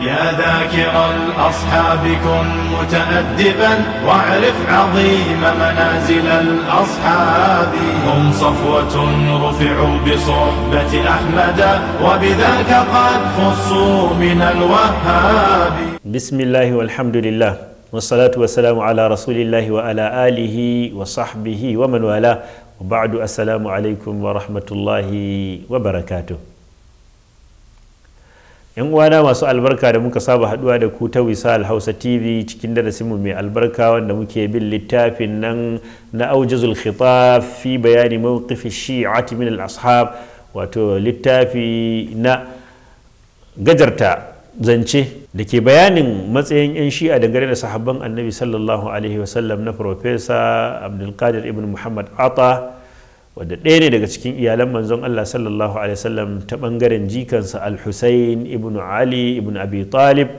يا ذاكر الأصحاب كن متأدبا واعرف عظيم منازل الأصحاب هم صفوة رفعوا بصحبة أحمد وبذاك قد خصوا من الوهاب بسم الله والحمد لله والصلاة والسلام على رسول الله وعلى آله وصحبه ومن والاه وبعد السلام عليكم ورحمة الله وبركاته yan uwana masu albarka da muka saba haduwa da ku ta wisal hausa tv cikin darasinmu mai albarka wanda muke bin littafin nan na aujazul khitaf fi bayani mawqif shi'ati min al-ashab wato littafi na gajarta zance da ke bayanin matsayin 'yan shi'a dangane da sahabban annabi sallallahu alaihi wasallam na farfesa abdulkadir ibn muhammad ata wadda ɗaya ne daga cikin iyalan manzon Allah sallallahu alaihi wasallam ta bangaren jikansa al-Husayn ibn Ali ibn Abi Talib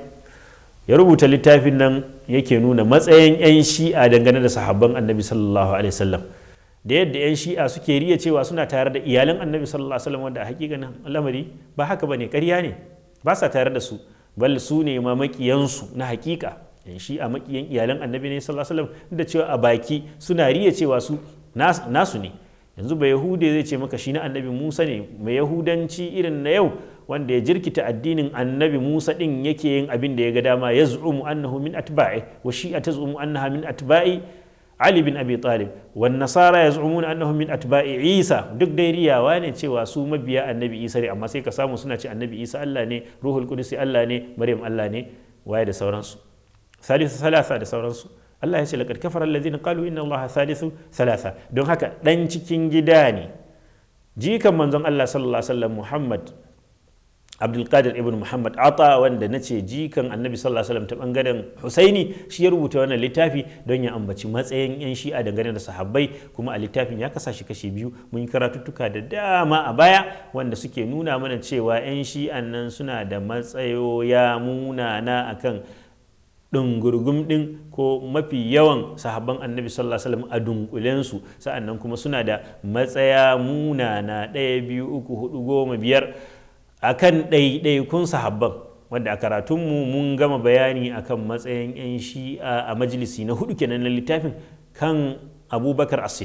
ya rubuta littafin nan yake nuna matsayin 'yan shi'a dangane da sahabban annabi sallallahu alaihi wasallam da yadda 'yan shi'a suke riya cewa suna tare da iyalan annabi sallallahu alaihi wasallam wanda a hakikanin al'amari ba haka bane ƙarya ne ba sa tare da su bal su ne ma makiyansu na hakika 'yan shi'a makiyan iyalan annabi ne sallallahu alaihi wasallam da cewa a baki suna riya cewa su nasu ne yanzu ba yahude zai ce maka shi na annabi musa ne mai yahudanci irin na yau wanda ya jirkita addinin annabi musa din yake yin abin da ya ga dama ya zu'umu annahu min atba'i wa shi'a taz'umu annaha min atba'i ali bin abi talib wa nasara yaz'umuna annahu min atba'i isa duk dai riyawa ne cewa su mabiya annabi isa ne amma sai ka samu suna ce annabi isa Allah ne ruhul qudusi Allah ne maryam Allah ne waye da sauransu salisa salasa da sauransu Allah ya ce laqad kafara alladhina qalu inna Allah thalithu thalatha don haka dan cikin gida ne jikan manzon Allah sallallahu alaihi wasallam Muhammad abdulkadir ibn muhammad ata wanda na ce jikan annabi sallallahu alaihi ta bangaren husaini shi ya rubuta wannan littafi don ya ambaci matsayin yan shi'a dangane da sahabbai kuma a littafin ya kasa shi kashi biyu mun yi karatuttuka da dama a baya wanda suke nuna mana cewa yan shi'an nan suna da matsayoya munana akan ɗungurgum ɗin ko mafi yawan sahabban annabi sallallahu alaihi wasallam a dunkulensu sa'annan kuma suna da matsaya munana ɗaya biyu uku hudu goma biyar a akan ɗaiɗaikun sahabban wanda a karatunmu mun gama bayani akan matsayin 'yan shi'a a majalisi na hudu kenan na littafin kan abubakar as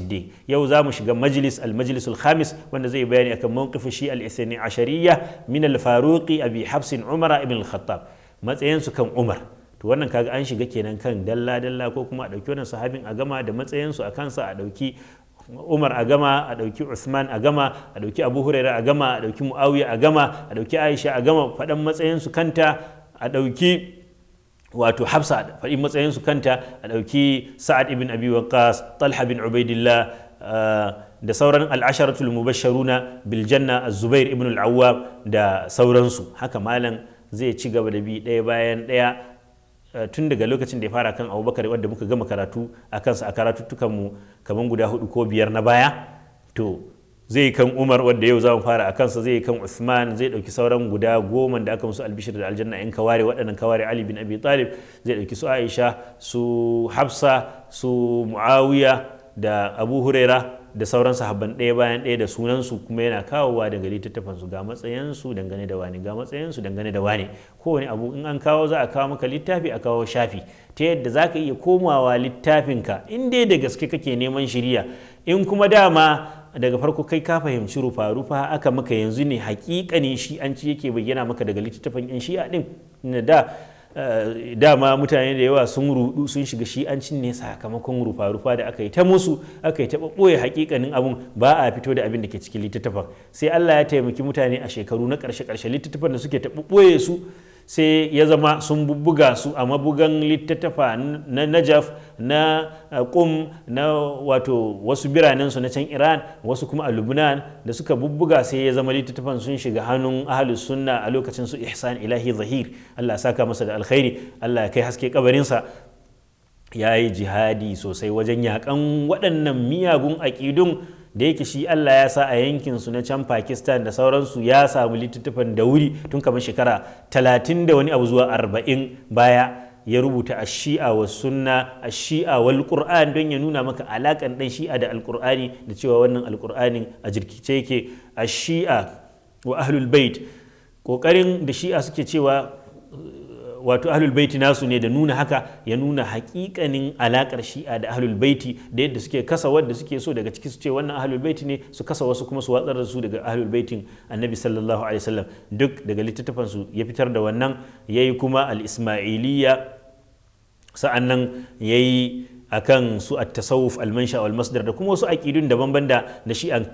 yau za mu shiga majlis al-majlis al-khamis wanda zai bayani a kan mawqif shi al-ithni ashariya min al-faruqi abi habsin umara ibn al-khattab matsayinsu kan umar to wannan kaga an shiga kenan kan dalla dalla ko kuma a ɗauki wannan sahabin a gama da matsayinsu a kansa a ɗauki umar a gama a ɗauki usman a gama a ɗauki abu huraira a gama a ɗauki muawiya a gama a ɗauki aisha a gama faɗan matsayinsu kanta a ɗauki wato hafsa faɗi matsayinsu kanta a ɗauki sa'ad ibn abi waqas talha bin ubaidillah eh, da sauran al'asharatul mubasharuna bil janna az-zubair ibn al-awwab da sauransu haka malam zai ci gaba da bi ɗaya bayan ɗaya Eh, tun daga lokacin da ya fara kan abubakar wadda muka gama karatu a kansa a mu kamar guda hudu ko biyar na baya to zai kan umar wadda yau zamu fara a kansa zai kan usman zai dauki sauran guda goma da aka musu albishir da aljanna yan kaware waɗannan kaware ali bin abi talib zai dauki su aisha su hafsa su muawiya da abu huraira da sauran sahabban ɗaya bayan ɗaya da sunansu kuma yana kawowa daga littattafansu ga matsayinsu dangane da wani ga matsayinsu dangane da wani kowane abu in an kawo za a kawo maka littafi a kawo shafi ta yadda za ka iya komawa littafinka in dai da gaske kake neman shirya in kuma dama daga farko kai ka fahimci rufa rufa aka maka yanzu ne ne shi an ci yake bayyana maka daga littattafan yan shi'a din na da Eh, dama mutane da yawa sun rudu sun shiga shi'ancin ne sakamakon rufa-rufa da aka yi ta musu aka yi ta ɓoye hakikanin abun ba a fito da abin da ke cikin littattafan sai Allah ya taimaki mutane a shekaru na ƙarshe-ƙarshe littattafan da suke ta ɓoye su sai ya zama sun bubbuga su a mabugan littattafa na najaf na kum uh, na wato wasu biranensu na can iran wasu kuma a lubnan da suka bubbuga sai ya zama littattafan sun shiga hannun ahalus sunna a lokacin su ihsan ilahi zahir allah saka masa da alkhairi allah kai haske kabarinsa ya yi jihadi sosai wajen yakan waɗannan miyagun aƙidun da yake shi Allah ya sa a yankin su na can Pakistan da sauransu ya samu littattafan da wuri tun kamar shekara talatin da wani abu zuwa arba'in baya ya rubuta a shi'a wa sunna a shi'a wal qur'an don ya nuna maka alakan dan shi'a da alkur'ani da cewa wannan alkur'ani a jirkice yake a shi'a wa ahlul bait kokarin da shi'a suke cewa wato ahlul baiti nasu ne da nuna haka ya nuna hakikanin alakar shi'a da ahlul baiti da yadda suke kasa wadda suke so daga ciki su ce wannan ahlul baiti ne su kasa wasu kuma su watsar da su daga ahlul baitin annabi sallallahu alaihi wasallam duk daga littattafan su ya fitar da wannan yayi kuma al ismailiyya sa'an nan yayi akan su at tasawuf al mansha wal masdar da kuma wasu aqidun daban-daban da na shi'an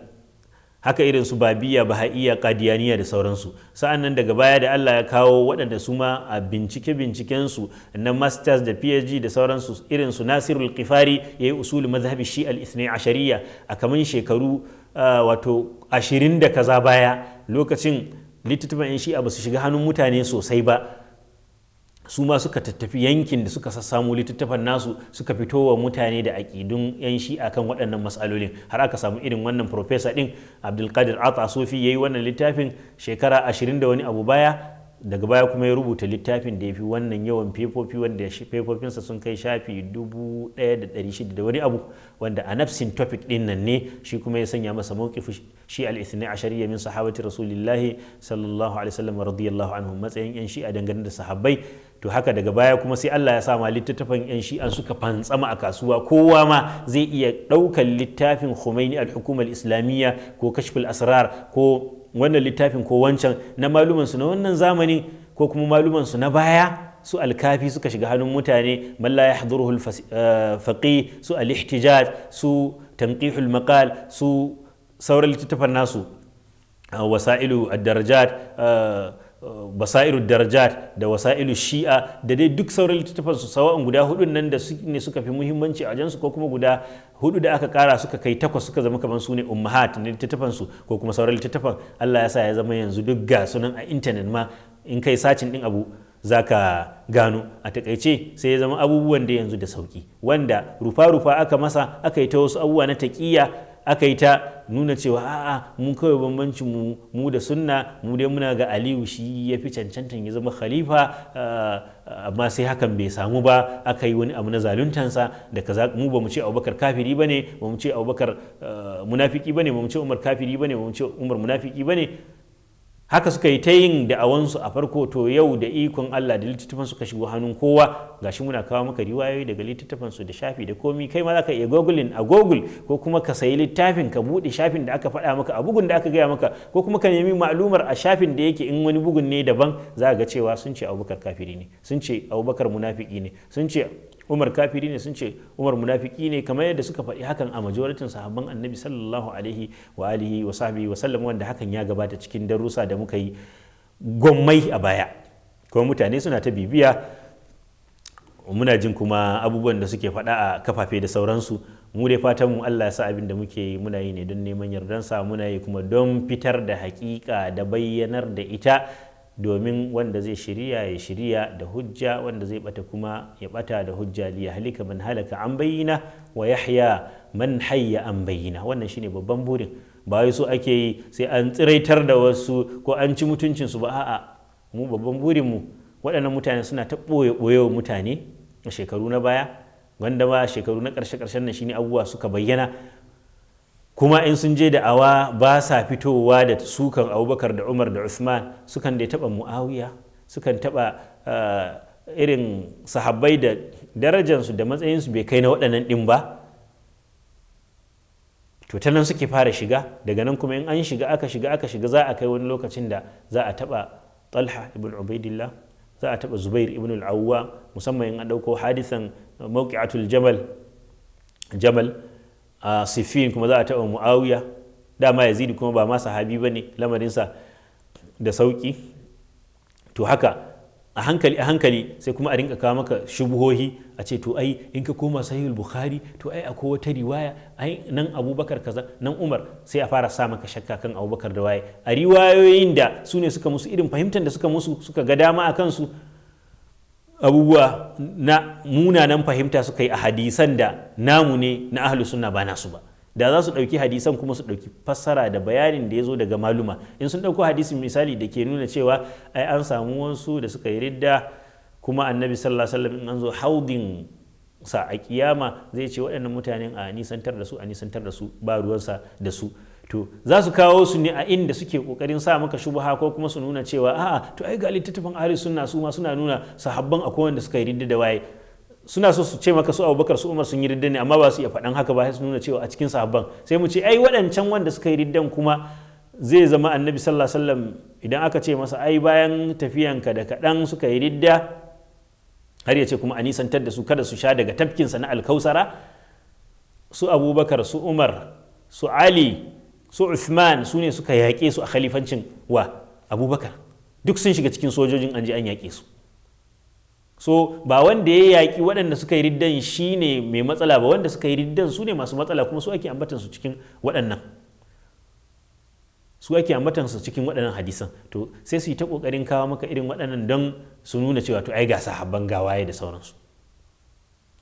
haka irin su babiya bahaiya kadiyaniya da sauransu sa'an nan daga baya da allah ya kawo waɗanda su ma a bincike bincikensu na masters da phd da sauransu irin su nasiru kifari ya yi usulin mazhabi shi al ashariya a kamar shekaru wato ashirin da kaza baya lokacin littattafan shi ba su shiga hannun mutane sosai ba su ma suka tattafi yankin da suka sassamo littattafan nasu suka fito wa mutane da aƙidun 'yan shi'a kan waɗannan matsalolin har aka samu irin wannan profesa ɗin abdulkadir ata sofi ya yi wannan littafin shekara ashirin da wani abu baya daga baya kuma ya rubuta littafin da ya fi wannan yawan fefofi wanda fefofinsa sun kai shafi 1,600 da wani abu wanda a nafsin topic din nan ne shi kuma ya sanya masa mawkifi shi al ashariya min sahabati rasulillahi sallallahu alaihi wasallam radiyallahu anhu matsayin yan a dangane da sahabbai to haka daga baya kuma sai Allah ya sa ma littattafan yan shi an suka fantsama a kasuwa kowa ma zai iya ɗaukar littafin Khomeini al-hukumar islamiyya ko kashful asrar ko wannan littafin ko wancan na malumansu na wannan zamani ko kuma malumansu na baya su alkafi suka shiga hannun mutane malla ya haduruhu faƙi eh, su alihtijaj su tanqihul maqal su sauran littattafan nasu ah, wasa'ilu ad-darajat eh, basairu darajat da wasailu shi'a da dai duk sauran littattafan su sawa'in guda hudun nan da ne suka fi muhimmanci a jansu ko kuma guda hudu da aka kara suka kai takwas suka zama kamar su ne ummahat na littattafan su ko kuma sauran littattafan Allah ya sa ya zama yanzu duk ga sunan a intanet ma in kai sacin din abu za gano a takaice sai ya zama abubuwan da yanzu da sauki wanda rufa-rufa aka masa aka yi ta wasu abubuwa na taƙiyya aka yi ta nuna cewa a'a mun kawai bambancin mu mu da sunna mu dai muna ga aliyu shi ya fi cancantan ya zama khalifa eh, amma sai hakan bai samu ba aka yi wani abu na zaluntansa da kaza mu ba mu ce abubakar kafiri ba ne ba mu ce abubakar eh, munafiki ba ne ba mu ce umar kafiri ba ne ba mu ce umar munafiki ba ne haka suka yi ta yin da'awansu a farko to yau da ikon Allah da littattafan suka shigo hannun kowa ga shi muna kawo maka riwayoyi daga littattafan su da shafi da komi kai ma zaka iya googling a google ko kuma ka sayi littafin ka bude shafin da aka faɗa maka a bugun da aka gaya maka ko kuma ka nemi ma'lumar a shafin da yake in wani bugun ne daban za ga cewa sun ce Abubakar kafiri ne sun ce Abubakar munafiki ne sun ce umar kafiri ne sun ce umar munafiki ne kamar yadda suka faɗi hakan a majoritin sahabban annabi sallallahu alaihi wa alihi wa sahbihi wa sallam wanda hakan ya gabata cikin darussa da muka yi gwammai a baya kuma mutane suna ta bibiya muna jin kuma abubuwan da suke faɗa a kafafe da sauransu mu dai fatan mu Allah ya sa abin da muke yi muna yi ne don neman yardansa muna yi kuma don fitar da hakika da bayyanar da ita domin wanda zai shirya ya shirya da hujja wanda zai bata kuma ya bata da hujja li halika man halaka an bayyana wa yahya man hayya an bayyana wannan shine babban burin ba wai so ake yi sai an tsiraitar da wasu ko an ci mutuncin su ba a'a mu babban burin mu waɗannan mutane suna ta boye boye mutane a shekaru na baya wanda ba shekaru na karshe karshen nan shine abubuwa suka bayyana kuma in sun je da awa ba sa fitowa da sukan abubakar da umar da usman sukan da taɓa mu'awiya sukan taɓa eh, irin sahabbai da darajansu da matsayinsu bai kai na waɗannan ɗin ba to ta suke fara shiga daga nan kuma in an shiga aka shiga aka shiga za a kai wani lokacin da za a taba talha ibn ubaidillah za a taɓa zubair ibn Al-Awwa musamman in an ɗauko hadisan mawqi'atul jamal jamal a sifin kuma za a taɓa mu'awiya dama yazidi kuma ba masa habi ba ne lamarinsa da sauƙi to haka a hankali a hankali sai kuma a rinka kawo maka shubuhohi a ce to ai in ka koma sahihul bukhari to ai akwai wata riwaya ai nan abubakar kaza nan umar sai a fara sa maka shakka kan abubakar da waye a riwayoyin da su ne suka musu irin fahimtar da suka musu suka ga dama a kansu abubuwa na munanan fahimta suka yi a hadisan da namu ne na ahlu sunna ba nasu ba da za su ɗauki hadisan kuma su ɗauki fassara da bayanin da ya zo daga maluma in sun ɗauko hadisin misali da ke nuna cewa ai an samu wansu da suka yi ridda kuma annabi sallallahu an zo haudin sa a kiyama zai ce waɗannan mutanen a nisantar da su a nisantar da su ba ruwansa da su to za su kawo su ne a inda suke kokarin sa maka shubha ko kuma su nuna cewa a'a to ai ga littattafan ahli sunna su ma suna nuna sahabban akwai wanda suka yi ridda da waye suna so su ce maka su abubakar su umar sun yi ridda ne amma ba su iya faɗan haka ba su nuna cewa a cikin sahabban sai mu ce ai waɗancan wanda suka yi riddan kuma zai zama annabi sallallahu alaihi wasallam idan aka ce masa ai bayan tafiyanka da kaɗan suka yi ridda har ya ce kuma a nisantar da su kada su sha daga tafkinsa na alkausara su abubakar su umar su ali su Uthman su ne suka yaƙe su a khalifancin wa Abubakar duk sun shiga cikin sojojin an je an yaƙe su so ba wanda ya yaƙi waɗanda suka yi riddan shi ne mai matsala ba wanda suka yi riddan su ne masu matsala kuma su ake ambatan su cikin waɗannan su ake ambatan su cikin waɗannan hadisan to sai su yi ta ƙoƙarin kawo maka irin waɗannan don su nuna cewa to ai ga sahabban gawaye da sauransu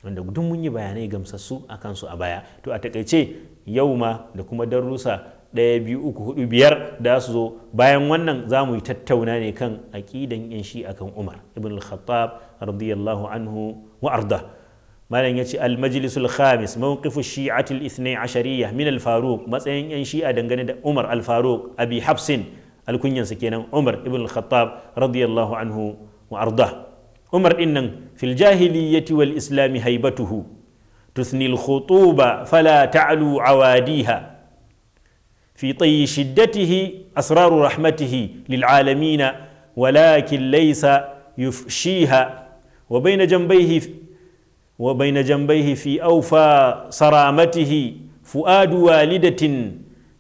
wanda duk mun yi bayanai gamsassu a kansu a baya to a takaice yau ma da kuma darussa ɗaya biyu uku hudu biyar da su zo bayan wannan za mu yi tattauna ne kan aƙidan yan shi akan umar ibn al-khattab radiyallahu anhu wa arda malam ya ce al-majlis al-khamis mawqifu shi'at al-ithnay ashariyah min al-faruq matsayin yan shi'a dangane da umar al-faruq abi hafsin alkunyansa kenan umar ibn al-khattab radiyallahu anhu wa arda عمر إن في الجاهلية والإسلام هيبته تثني الخطوبة فلا تعلو عواديها في طي شدته أسرار رحمته للعالمين ولكن ليس يفشيها وبين جنبيه وبين جنبيه في أوفى صرامته فؤاد والدة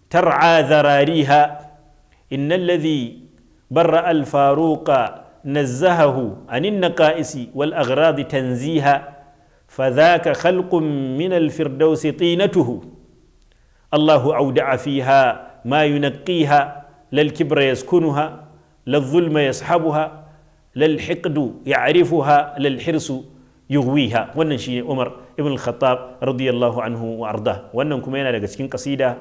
ترعى ذراريها إن الذي برأ الفاروق نزهه عن النقائص والأغراض تنزيها فذاك خلق من الفردوس طينته الله أودع فيها ما ينقيها لا الكبر يسكنها لا الظلم يصحبها لا الحقد يعرفها لا الحرص يغويها وننشي عمر ابن الخطاب رضي الله عنه وأرضاه وننكم arda wannan kuma yana daga cikin kasida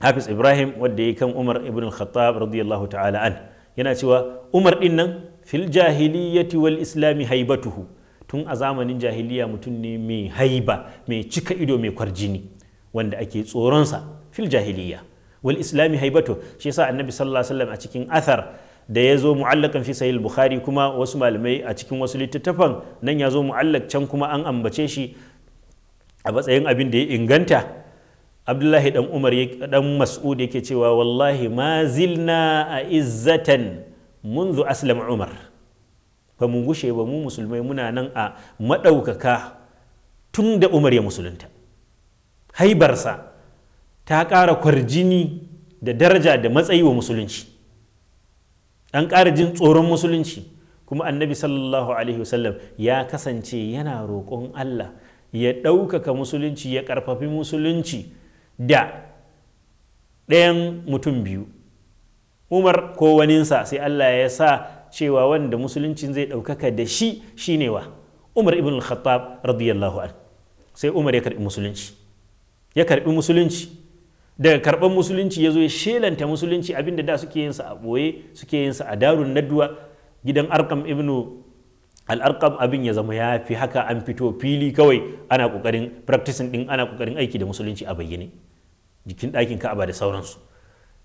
hafiz ibrahim wadda ya kan umar ibn al-khattab radiyallahu ta'ala an yana cewa umar din nan fil jahiliyyati wal islami haibatuhu tun a zamanin jahiliya mutum ne mai haiba mai cika ido mai kwarjini wanda ake tsoronsa fil jahiliya wal islami haibatu shi yasa annabi sallallahu alaihi wasallam a cikin athar da ya zo mu'allakan fi sahih bukhari kuma wasu malamai a cikin wasu littattafan nan ya zo mu'allak can kuma an ambace shi a matsayin abin da ya inganta abdullahi dan umar dan mas'ud yake cewa wallahi ma zilna a izzatan Umar. Ba mu فمن ba mu musulmai muna nan a maɗaukaka tun da Umar ya musulunta. Haibarsa ta ƙara kwarjini da daraja da matsayi wa musulunci an ƙara jin tsoron musulunci kuma annabi sallallahu alaihi wasallam ya kasance yana roƙon Allah ya ɗaukaka musulunci ya ƙarfafi musulunci da ɗayan mutum biyu umar ko waninsa sai allah ya sa cewa wanda musuluncin zai ɗaukaka da shi shine wa umar ibn al-khattab radiyallahu an sai umar ya karɓi musulunci ya karɓi musulunci daga karɓar musulunci ya zo ya shelanta musulunci abinda da suke yinsa a ɓoye suke yinsa a darun naduwa gidan arkam ibnu al'arkam abin ya zama ya fi haka an fito fili kawai ana kokarin practicing din ana kokarin aiki da musulunci a bayyane jikin ɗakin ka'aba da sauransu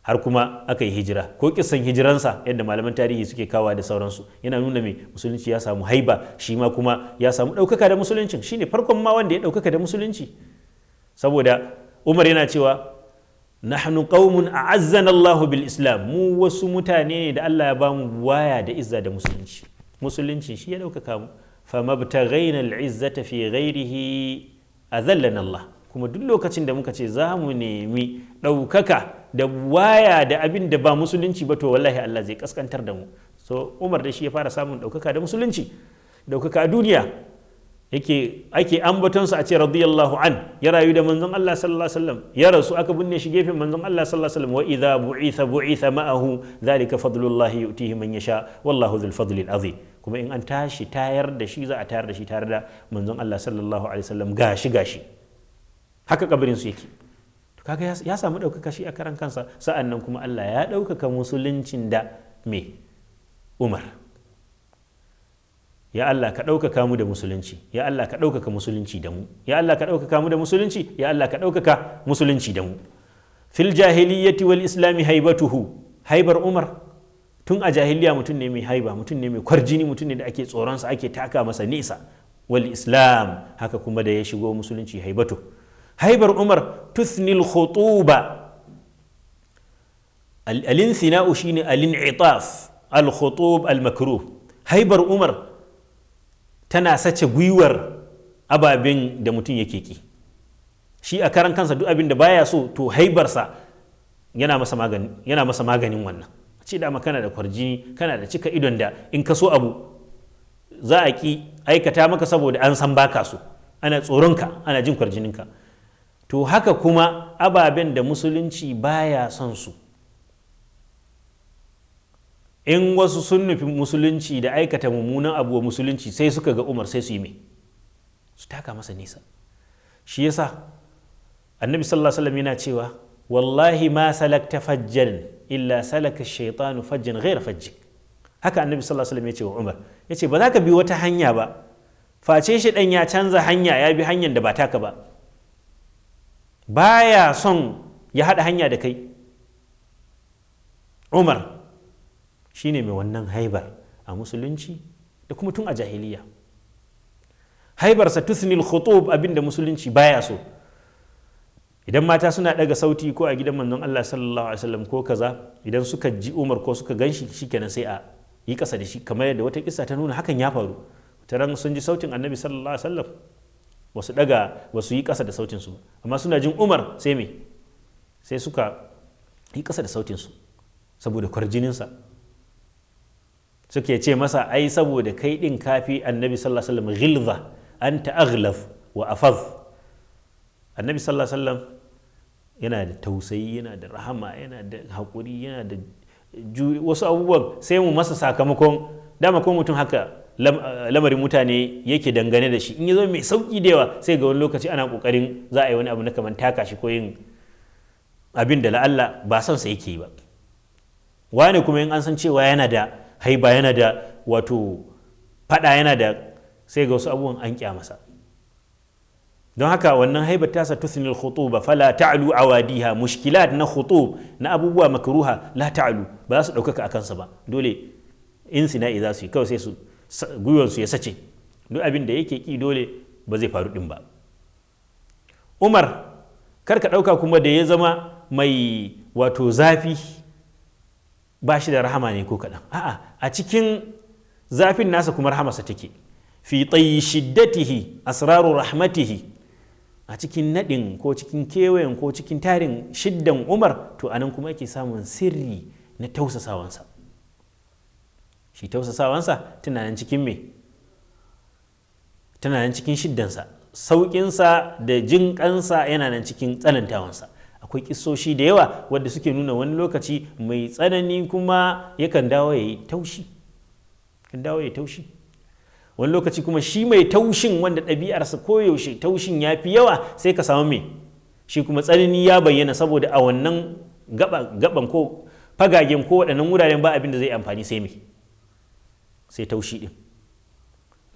har kuma aka yi hijira ko kisan hijiransa yadda malaman tarihi suke kawa da sauransu yana nuna mai musulunci ya samu haiba shi ma kuma ya samu ɗaukaka da musulunci shine farkon ma wanda ya ɗaukaka da musulunci saboda umar yana cewa nahnu qaumun a'azzana Allahu bil islam mu wasu mutane ne da Allah ya bamu waya da izza da musulunci musulunci shi ya ɗaukaka mu fama ta gaina al'izzata fi ghairihi azallan Allah kuma duk lokacin da muka ce za mu nemi ɗaukaka da waya da abin da ba musulunci ba to wallahi Allah zai kaskantar da mu so Umar da shi ya fara samun ɗaukaka da musulunci ɗaukaka a duniya yake ake ambatonsa a ce radiyallahu an ya rayu da manzon Allah sallallahu alaihi wasallam ya rasu aka binne shi gefen manzon Allah sallallahu alaihi wasallam wa idza bu'itha bu'itha ma'ahu dhalika fadlullahi yu'tihi man yasha wallahu dhul fadlil azim kuma in an tashi tayar da shi za a tayar da shi tare da manzon Allah sallallahu alaihi wasallam gashi gashi haka kabarin su yake to kaga ya samu ɗaukaka shi a karan kansa sa'an nan kuma Allah ya ɗaukaka musuluncin da me Umar ya Allah ka ɗaukaka mu da musulunci ya Allah ka ɗaukaka musulunci da mu ya Allah ka ɗaukaka mu da musulunci ya Allah ka ɗaukaka musulunci da mu fil jahiliyyati wal islami haibatuhu haibar umar tun a jahiliya mutum ne mai haiba mutum ne mai kwarjini mutum ne da ake tsoronsa ake taka masa nisa wal islam haka kuma da ya shigo musulunci haibatu haibar umar tuthnil khutuba Alin insinau shine alin initaf al-khutub al-makruh haibar umar tana sace gwiwar ababen da mutum yake ki shi a karan kansa duk abin da baya so to haibarsa yana masa maganin wannan ce dama kana da kwarjini kana da cika idon da in ka so abu za a ki aikata maka saboda an san baka so ana tsoronka ana jin kwarjininka to haka kuma ababen da musulunci baya son su in wasu sun nufi musulunci da aikata mummunan abu musulunci sai suka ga umar sai su yi mai su taka masa nisa shi yasa annabi sallallahu alaihi wasallam yana cewa wallahi ma salakta fajjan illa salaka shaytanu fajjan gaira fajji. haka annabi sallallahu alaihi ya ce wa Umar yace baza ka bi wata hanya ba face shi dan ya canza hanya ya bi hanyar da ba taka ba baya son ya hada hanya da kai Umar shine mai wannan haibar a musulunci da kuma tun a jahiliya haibarsa tusnil khutub abinda musulunci baya so idan mata suna daga sauti ko a gidan manzon Allah sallallahu alaihi wasallam ko kaza idan suka ji Umar ko suka ganshi shikenan sai a yi kasa da shi kamar yadda wata kissa ta nuna hakan ya faru taran sun ji sautin Annabi sallallahu alaihi wasallam wasu daga wasu yi kasa da sautin su amma suna jin Umar sai me sai suka yi kasa da sautin su saboda kwarjinin sa suke ce masa ai saboda kai din kafi Annabi sallallahu alaihi wasallam ghilza anta aghlaf wa afadh annabi sallallahu alaihi wasallam yana da tausayi yana da rahama yana da haƙuri yana da wasu abubuwan sai mu masa sakamakon dama ko mutum haka lamarin mutane yake dangane da shi in ya zo mai sauƙi da yawa sai ga wani lokaci ana ƙoƙarin za a yi wani abu na kamar taka shi ko yin abin da la'alla ba son sa yake yi ba wane kuma in an san cewa yana da haiba yana da wato fada yana da sai ga wasu abubuwan an masa. don haka wannan haibar tasa tusnil khutuba fala ta'lu awadiha mushkilat na khutub na abubuwa makruha la ta'lu ba za su ɗaukaka a kansa ba dole in sinai za su kawai sai su gwiwon ya sace duk abin da yake ki dole ba zai faru ɗin ba umar kar ka ɗauka kuma da ya zama mai wato zafi ba shi da rahama ne ko kaɗan a'a a cikin zafin nasa kuma rahamarsa take fi tsayi shiddatihi asraru rahmatihi a cikin naɗin ko cikin kewayen ko cikin tarin shiddan umar to anan kuma yake samun sirri na tausasawansa shi tausasawansa tana cikin me tana nan cikin shiddansa sauƙinsa da jin yana nan cikin tsanantawansa akwai kisoshi da yawa wadda suke nuna wani lokaci mai tsanani kuma yakan dawo ya yi taushi wani lokaci kuma shi mai taushin wanda ɗabi'arsa koyaushe taushin ya fi yawa sai ka samu mai shi kuma tsanani ya bayyana saboda a wannan gaban ko fagagen ko waɗannan wuraren ba abin da zai amfani sai mai sai taushi ɗin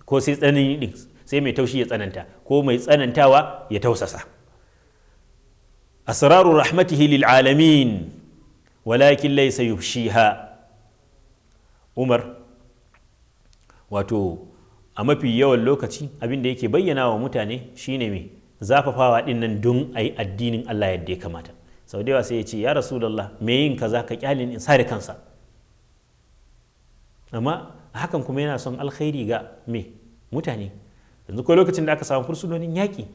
ko sai tsanani ɗin sai mai taushi ya tsananta ko mai tsanantawa ya tausasa asraru rahmatihi lil alamin walakin laysa yufshiha umar wato a mafi yawan lokaci abin da yake bayyana wa mutane shine mai zafafawa din nan don a yi addinin Allah yadda ya kamata sau da yawa sai ya ce ya Allah me yin kaza ka kyalin in sare kansa amma hakan kuma yana son alkhairi ga me mutane yanzu ko lokacin da aka samu fursunonin yaƙi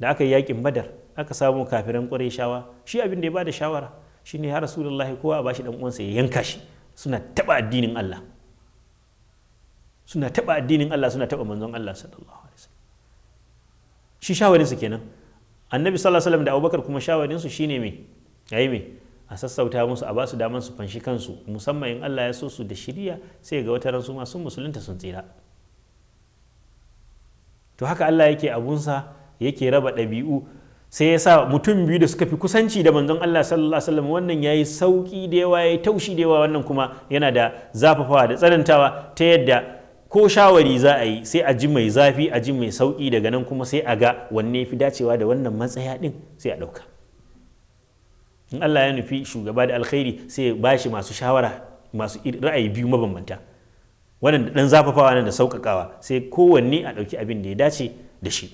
da aka yi yaƙin badar aka samu kafiran ƙwarai shawa shi abin da ya bada shawara shine ya Allah kowa a bashi dan uwansa ya yanka shi suna taɓa addinin Allah suna taɓa addinin Allah suna taɓa manzon Allah sallallahu alaihi wasallam shi su kenan annabi sallallahu alaihi wasallam da abubakar kuma su shine me yayi me a sassauta musu a basu daman su fanshi kansu musamman in Allah ya so su da shiriya sai ga wata ransu ma sun musulunta sun tsira to haka Allah yake abunsa yake raba ɗabi'u sai ya sa mutum biyu da suka fi kusanci da manzon Allah sallallahu alaihi wasallam wannan yayi sauki da yawa yayi taushi da yawa wannan kuma yana da zafafawa da tsanantawa ta yadda ko shawari za a yi sai a ji mai zafi a ji mai sauƙi daga nan kuma sai a ga wanne fi dacewa da wannan matsaya ɗin sai a ɗauka in Allah ya nufi shugaba da alkhairi sai ba shi masu shawara masu ra'ayi biyu mabambanta wannan da ɗan zafafawa nan da sauƙaƙawa sai kowanne a ɗauki abin da ya dace da shi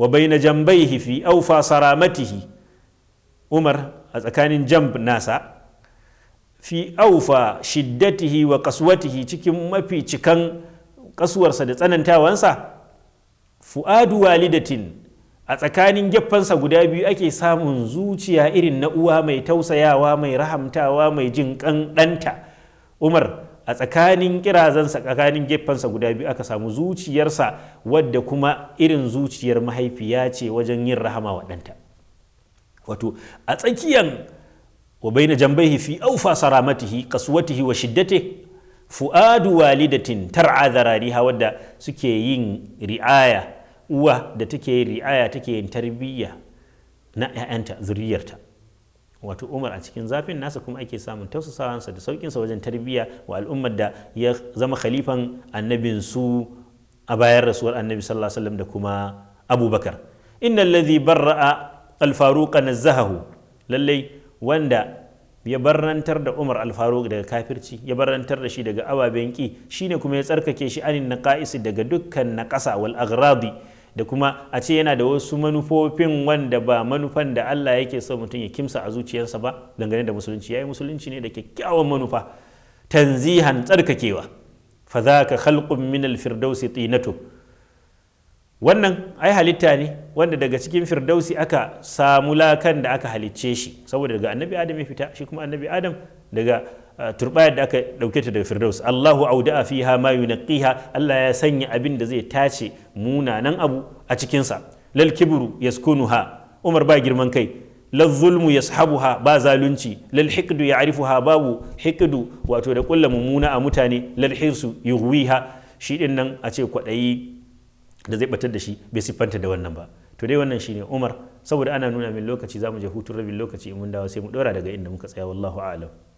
wa baina jambaihi fi awfa saramatihi Umar a tsakanin jamb nasa fi aufa shiddatihi wa kaswatihi cikin mafi cikan kasuwarsa da tsanantawansa fu'adu walidatin a tsakanin geffansa guda biyu ake samun zuciya irin na uwa mai tausayawa mai rahamtawa mai jin kan ɗanta umar a tsakanin kirazansa tsakanin geffansa guda biyu aka samu zuciyarsa wadda kuma irin zuciyar mahaifiya ce wajen yin rahama wa ɗanta wato a tsakiyan wa baina jambaihi fi awfa saramatihi qaswatihi wa shiddatihi fu'adu walidatin tar'a zarariha da suke yin ri'aya uwa da take yin ri'aya take yin tarbiyya na 'ya'yanta zuriyarta wato umar a cikin zafin nasa kuma ake samun tausasawansa da saukinsa wajen tarbiyya wa al'ummar da ya zama khalifan annabin su a bayan rasuwar annabi sallallahu alaihi da kuma abubakar innal ladhi barra'a al na nazzahahu lallai wanda ya barrantar da Umar alfaru daga kafirci ya barrantar da shi daga ababen ki shine kuma ya tsarkake shi anin na ka'isi daga dukkan na ƙasa wal aghradi da kuma a ce yana da wasu manufofin wanda ba manufan da Allah yake so mutum ya kimsa a zuciyarsa ba dangane da musulunci yayi musulunci ne da kyakkyawan manufa tanzihan tsarkakewa fa zaka khalqun min al firdausi tinatu wannan ai halitta ne wanda daga cikin firdausi aka samu lakan da aka halicce shi saboda daga annabi adam ya fita shi kuma annabi adam daga ah, turbayar da aka dauke ta daga firdaus Allahu auda'a fiha ma yunqiha Allah ya sanya abin da zai tace munanan abu a cikin sa lal kibru yaskunuha Umar ba girman kai lal zulmu yashabuha ba zalunci lal hiqdu ya'rifuha babu hiqdu wato da kullamu muna a mutane lal hirsu yughwiha shi din nan a ce kwadayi da zai batar da shi bai siffanta da wannan ba to dai wannan shine umar saboda ana nuna min lokaci za mu je hutun rabin lokaci in mun dawo sai mu dora daga inda muka tsaya wallahu a'lam